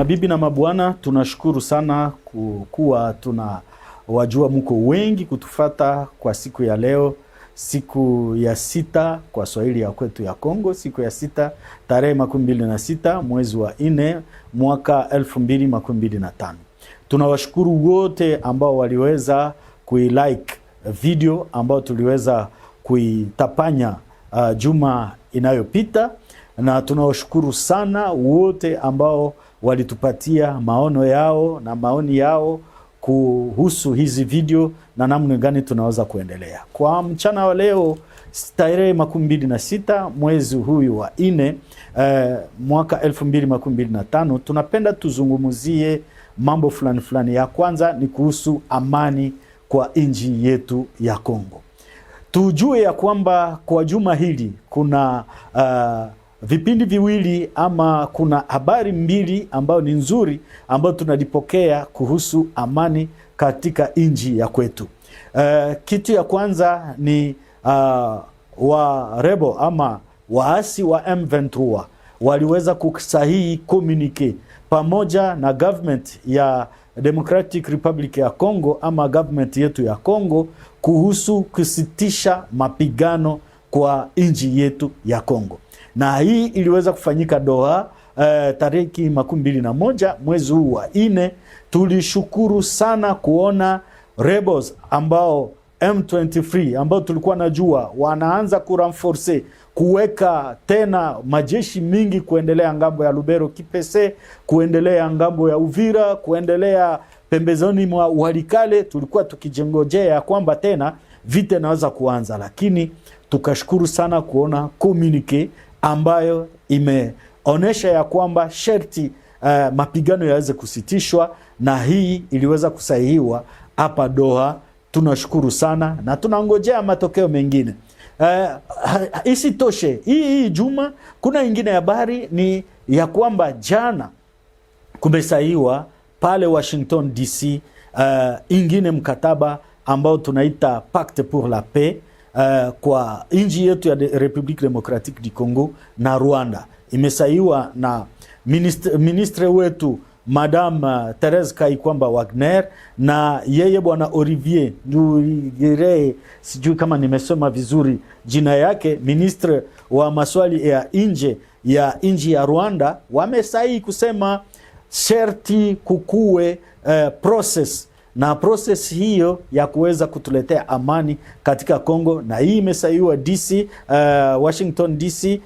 Mabibi na mabwana, tunashukuru sana kuwa tuna wajua mko wengi kutufata kwa siku ya leo, siku ya sita kwa Swahili ya kwetu ya Kongo, siku ya sita tarehe makumi mbili na sita mwezi wa nne mwaka elfu mbili makumi mbili na tano. Tunawashukuru wote ambao waliweza kuilike video ambayo tuliweza kuitapanya uh, juma inayopita, na tunawashukuru sana wote ambao walitupatia maono yao na maoni yao kuhusu hizi video na namna gani tunaweza kuendelea. Kwa mchana wa leo tarehe makumi mbili na sita mwezi huyu wa nne eh, mwaka elfu mbili makumi mbili na tano tunapenda tuzungumuzie mambo fulani fulani. Ya kwanza ni kuhusu amani kwa nchi yetu ya Kongo. Tujue ya kwamba kwa juma hili kuna uh, vipindi viwili ama kuna habari mbili ambayo ni nzuri ambayo tunalipokea kuhusu amani katika nchi ya kwetu. Uh, kitu ya kwanza ni uh, ah, warebo ama waasi wa M23 waliweza kusahihi communique pamoja na government ya Democratic Republic ya Congo ama government yetu ya Congo kuhusu kusitisha mapigano kwa nchi yetu ya Congo na hii iliweza kufanyika Doha eh, tariki makumi mbili na moja mwezi huu wa nne. Tulishukuru sana kuona Rebels ambao M23 ambao tulikuwa najua wanaanza kuranforce kuweka tena majeshi mingi kuendelea ngambo ya Lubero Kipese, kuendelea ngambo ya Uvira, kuendelea pembezoni mwa Walikale. Tulikuwa tukijengojea ya kwamba tena vita inaweza kuanza, lakini tukashukuru sana kuona komunike ambayo imeonyesha ya kwamba sherti uh, mapigano yaweze kusitishwa, na hii iliweza kusahihiwa hapa Doha. Tunashukuru sana na tunangojea matokeo mengine. Uh, isitoshe hii hii juma kuna ingine habari ni ya kwamba jana kumesaiwa pale Washington DC uh, eh, ingine mkataba ambao tunaita Pacte pour la Paix uh, kwa nchi yetu ya Republic Democratic di Congo na Rwanda imesaiwa na ministre, ministre wetu Madame eh, Therese kwamba Wagner na yeye Bwana Olivier Ndugire, sijui kama nimesoma vizuri jina yake, ministre wa maswali ya nje ya nchi ya Rwanda, wamesahi kusema sherti kukuwe uh, eh, process na proses hiyo ya kuweza kutuletea amani katika Kongo, na hii imesaiwa DC uh, Washington DC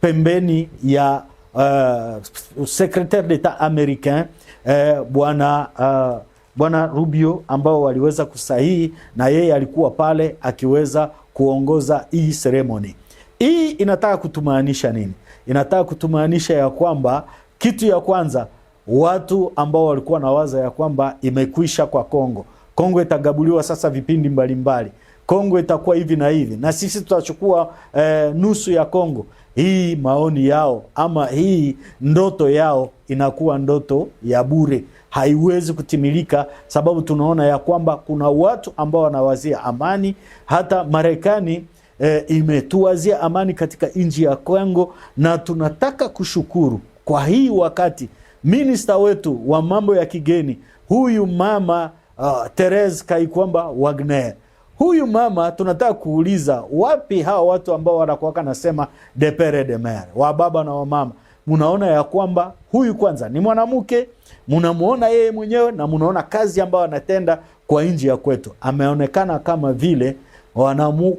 pembeni ya uh, secretaire d'etat americain uh, bwana uh, bwana Rubio ambao waliweza kusahihi na yeye alikuwa pale akiweza kuongoza hii seremoni. Hii inataka kutumaanisha nini? Inataka kutumaanisha ya kwamba kitu ya kwanza watu ambao walikuwa na waza ya kwamba imekwisha kwa Kongo, Kongo itagabuliwa sasa vipindi mbalimbali mbali. Kongo itakuwa hivi na hivi na sisi tutachukua eh, nusu ya Kongo. Hii maoni yao ama hii ndoto yao inakuwa ndoto ya bure, haiwezi kutimilika, sababu tunaona ya kwamba kuna watu ambao wanawazia amani. Hata Marekani eh, imetuwazia amani katika nchi ya Kongo, na tunataka kushukuru kwa hii wakati minista wetu wa mambo ya kigeni huyu mama uh, Therese Kaikwamba Wagner. Huyu mama tunataka kuuliza, wapi hawa watu ambao wanakuwaka nasema de pere de mere, wa baba na wamama? Mnaona ya kwamba huyu kwanza ni mwanamke, mnamuona yeye mwenyewe na munaona kazi ambayo anatenda kwa nji ya kwetu. Ameonekana kama vile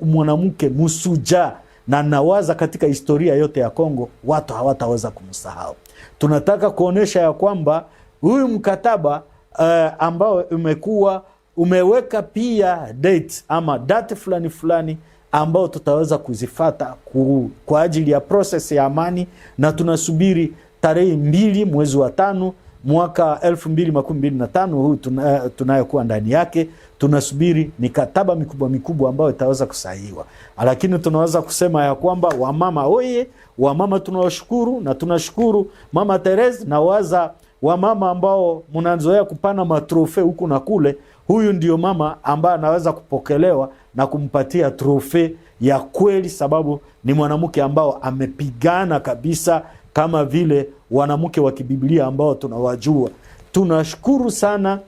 mwanamke msuja, na nawaza katika historia yote ya Kongo watu hawataweza kumsahau. Tunataka kuonyesha ya kwamba huyu mkataba uh, ambao umekuwa umeweka pia date ama date fulani fulani ambao tutaweza kuzifata ku, kwa ajili ya proses ya amani, na tunasubiri tarehe mbili mwezi wa tano mwaka elfu mbili makumi mbili na tano huu eh, tunayokuwa ndani yake tunasubiri mikataba mikubwa mikubwa ambayo itaweza kusahiwa, lakini tunaweza kusema ya kwamba wamama oye, wamama tunawashukuru, na tunashukuru Mama Therese na waza wamama ambao mnazoea kupana matrofe huku na kule. Huyu ndio mama ambaye anaweza kupokelewa na kumpatia trofe ya kweli, sababu ni mwanamke ambao amepigana kabisa, kama vile wanamke wa kibiblia ambao tunawajua. Tunashukuru sana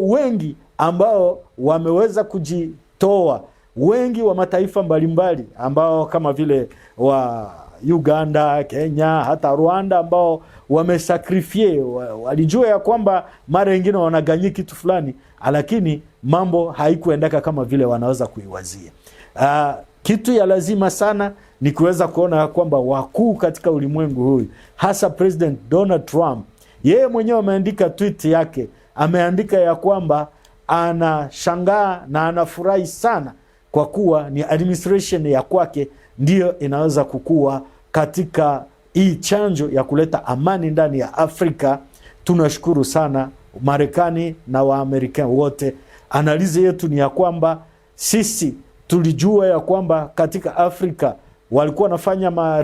wengi ambao wameweza kujitoa wengi wa mataifa mbalimbali mbali, ambao kama vile wa Uganda, Kenya, hata Rwanda ambao wamesakrifie, walijua ya kwamba mara nyingine wanaganyi kitu fulani, lakini mambo haikuendeka kama vile wanaweza kuiwazia. Uh, kitu ya lazima sana ni kuweza kuona ya kwamba wakuu katika ulimwengu huyu hasa President Donald Trump, yeye mwenyewe ameandika tweet yake, ameandika ya kwamba anashangaa na anafurahi sana kwa kuwa ni administration ya kwake ndiyo inaweza kukua katika hii chanjo ya kuleta amani ndani ya Afrika. Tunashukuru sana Marekani na Waamerika wote. Analizi yetu ni ya kwamba sisi tulijua ya kwamba katika Afrika walikuwa wanafanya ma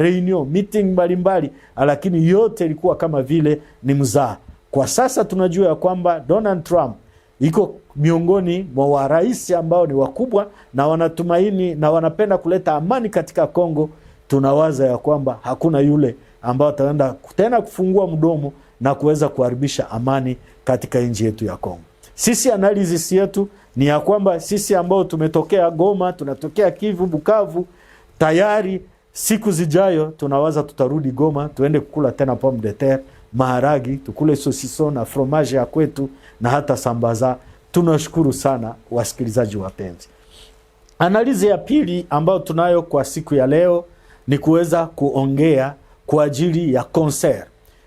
meeting mbalimbali, lakini yote ilikuwa kama vile ni mzaa. Kwa sasa tunajua ya kwamba Donald Trump iko miongoni mwa warais ambao ni wakubwa na wanatumaini na wanapenda kuleta amani katika Kongo. Tunawaza ya kwamba hakuna yule ambao ataenda tena kufungua mdomo na kuweza kuharibisha amani katika nchi yetu ya Kongo. Sisi analisis yetu ni ya kwamba sisi ambao tumetokea Goma, tunatokea Kivu, Bukavu, tayari siku zijayo tunawaza tutarudi Goma, tuende kukula tena pomme de terre maharagi, tukule sosiso na fromaje ya kwetu na hata sambaza. Tunashukuru sana wasikilizaji wapenzi. Analizi ya pili ambayo tunayo kwa siku ya leo ni kuweza kuongea kwa ajili ya konser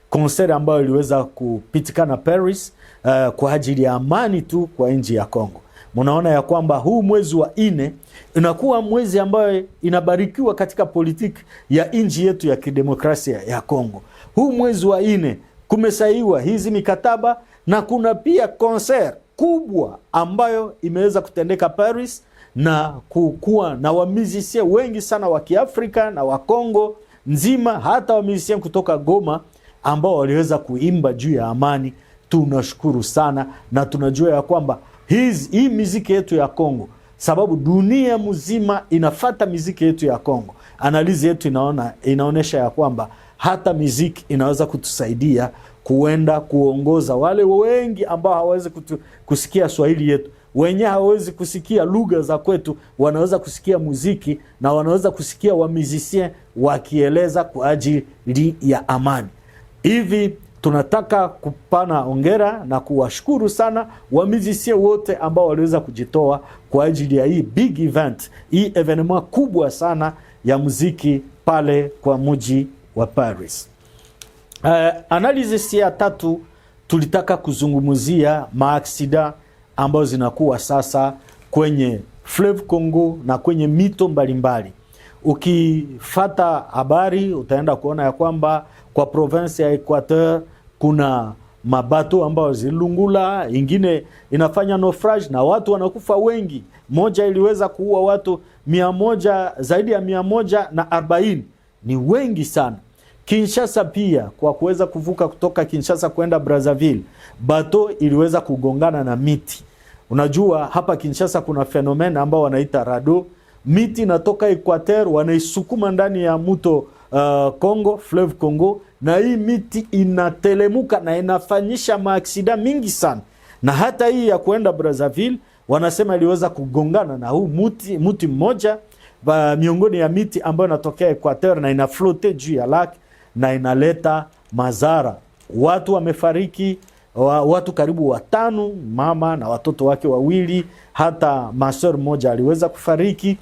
konser ambayo iliweza kupitikana Paris, uh, kwa ajili ya amani tu kwa nchi ya Kongo mnaona ya kwamba huu mwezi wa nne inakuwa mwezi ambayo inabarikiwa katika politiki ya nchi yetu ya kidemokrasia ya Kongo. Huu mwezi wa nne kumesaiwa hizi mikataba na kuna pia konser kubwa ambayo imeweza kutendeka Paris na kukuwa na wamizisie wengi sana wa Kiafrika na wa Kongo nzima, hata wamizisie kutoka Goma ambao waliweza kuimba juu ya amani. Tunashukuru sana na tunajua ya kwamba hizi, hii miziki yetu ya Kongo, sababu dunia mzima inafata miziki yetu ya Kongo. Analizi yetu inaona inaonyesha ya kwamba hata miziki inaweza kutusaidia kuenda kuongoza wale wengi ambao hawawezi kusikia Swahili yetu wenyewe hawawezi kusikia lugha za kwetu, wanaweza kusikia muziki na wanaweza kusikia wamizisien wakieleza kwa ajili ya amani hivi tunataka kupana ongera na kuwashukuru sana wamizisie wote ambao waliweza kujitoa kwa ajili ya hii big event, hii evenema kubwa sana ya muziki pale kwa mji wa Paris. Uh, analysis ya tatu tulitaka kuzungumzia maaksida ambayo zinakuwa sasa kwenye Fleuve Congo na kwenye mito mbalimbali Ukifata habari utaenda kuona ya kwamba kwa provinsi ya Equateur kuna mabato ambayo zilungula, ingine inafanya naufrage na watu wanakufa wengi. Moja iliweza kuua watu mia moja, zaidi ya mia moja na arobaini, ni wengi sana. Kinshasa pia kwa kuweza kuvuka kutoka Kinshasa kwenda Brazzaville, bato iliweza kugongana na miti. Unajua hapa Kinshasa kuna fenomena ambao wanaita rado, miti inatoka Equateur wanaisukuma ndani ya mto Uh, Congo, uh, Fleuve Congo, na hii miti inatelemuka na inafanyisha maaksida mingi sana, na hata hii ya kuenda Brazzaville wanasema iliweza kugongana na huu muti, muti mmoja miongoni ya miti ambayo inatokea Equateur na inaflote juu ya lake na inaleta madhara. Watu wamefariki, watu karibu watano, mama na watoto wake wawili, hata maseur mmoja aliweza kufariki.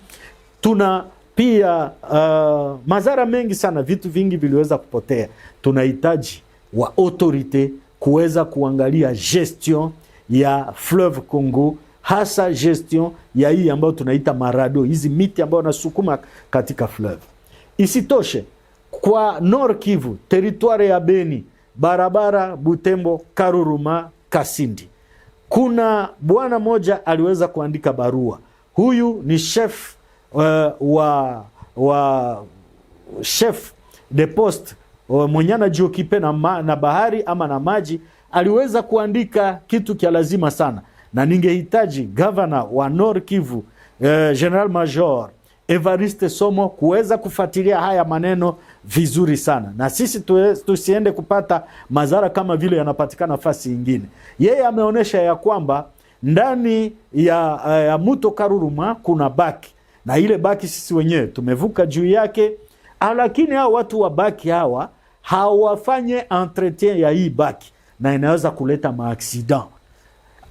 tuna pia uh, madhara mengi sana, vitu vingi viliweza kupotea. Tunahitaji wa autorite kuweza kuangalia gestion ya Fleuve Congo, hasa gestion ya hii ambayo tunaita marado, hizi miti ambayo wanasukuma katika fleuve. Isitoshe, kwa Nord Kivu, teritwari ya Beni, barabara Butembo, Karuruma, Kasindi, kuna bwana moja aliweza kuandika barua. Huyu ni chef uh, wa, wa chef de poste uh, Munyana Jokipe na, ma, na bahari ama na maji aliweza kuandika kitu kya lazima sana, na ningehitaji gavana wa Nord Kivu uh, General Major Evariste Somo kuweza kufuatilia haya maneno vizuri sana, na sisi tusiende kupata madhara kama vile yanapatikana fasi ingine. Yeye ameonyesha ya kwamba ndani ya, ya mto Karuruma kuna baki na ile baki sisi wenyewe tumevuka juu yake, ah, lakini hao watu wa baki hawa hawafanye entretien ya hii baki, na inaweza kuleta maaksidan.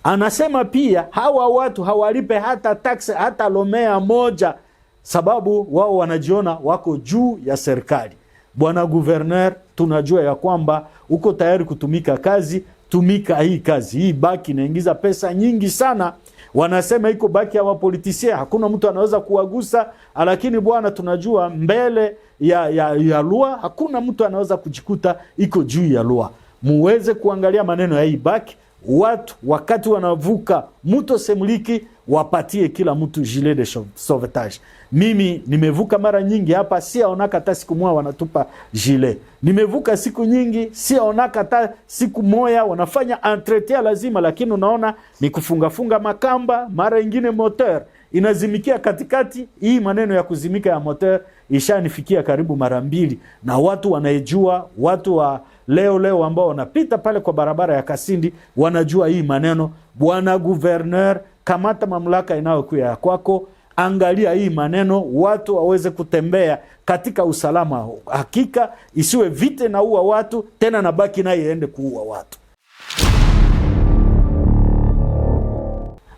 Anasema pia hawa watu hawalipe hata taksi hata lomea moja, sababu wao wanajiona wako juu ya serikali. Bwana guverner, tunajua ya kwamba uko tayari kutumika kazi tumika hii kazi hii baki inaingiza pesa nyingi sana. Wanasema iko baki ya wapolitisia, hakuna mtu anaweza kuwagusa, lakini bwana, tunajua mbele ya, ya, ya lua hakuna mtu anaweza kujikuta iko juu ya lua. Muweze kuangalia maneno ya hii baki, watu wakati wanavuka mto Semliki wapatie kila mtu gilet de sauvetage. Mimi nimevuka mara nyingi hapa, si aonaka hata siku moja wanatupa gilet. Nimevuka siku nyingi, si aonaka hata siku moja wanafanya entretien lazima, lakini unaona ni kufungafunga makamba, mara ingine moteur inazimikia katikati. Hii maneno ya kuzimika ya moteur ishanifikia karibu mara mbili, na watu wanaejua, watu wa leo leo ambao wanapita pale kwa barabara ya Kasindi wanajua hii maneno, bwana gouverneur kamata mamlaka inayokuwa ya kwako. Angalia hii maneno, watu waweze kutembea katika usalama hakika, isiwe vita na uwa watu tena nabaki naye iende kuua watu.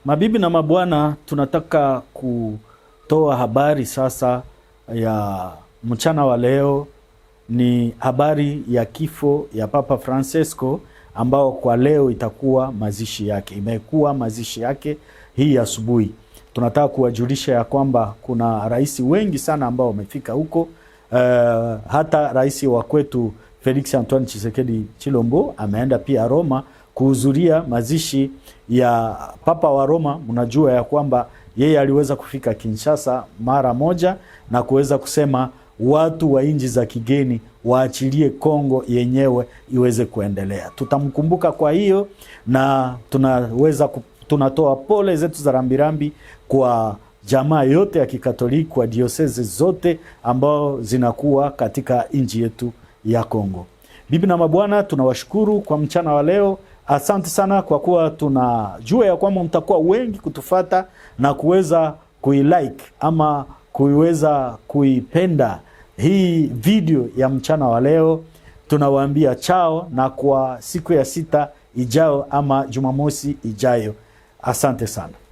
Mabibi na mabwana, tunataka kutoa habari sasa ya mchana wa leo, ni habari ya kifo ya Papa Francesco ambao kwa leo itakuwa mazishi yake, imekuwa mazishi yake hii asubuhi. Tunataka kuwajulisha ya kwamba kuna rais wengi sana ambao wamefika huko. Uh, hata rais wa kwetu Felix Antoine chisekedi Chilombo ameenda pia Roma kuhudhuria mazishi ya Papa wa Roma. Mnajua ya kwamba yeye aliweza kufika Kinshasa mara moja na kuweza kusema watu wa nchi za kigeni waachilie Kongo yenyewe iweze kuendelea. Tutamkumbuka kwa hiyo, na tunaweza tunatoa pole zetu za rambirambi kwa jamaa yote ya Kikatoliki, kwa diosezi zote ambao zinakuwa katika nchi yetu ya Kongo. Bibi na mabwana, tunawashukuru kwa mchana wa leo. Asante sana kwa kuwa tunajua ya kwamba mtakuwa wengi kutufata na kuweza kuilike ama kuiweza kuipenda hii video ya mchana wa leo tunawaambia chao na kwa siku ya sita ijayo ama Jumamosi ijayo. Asante sana.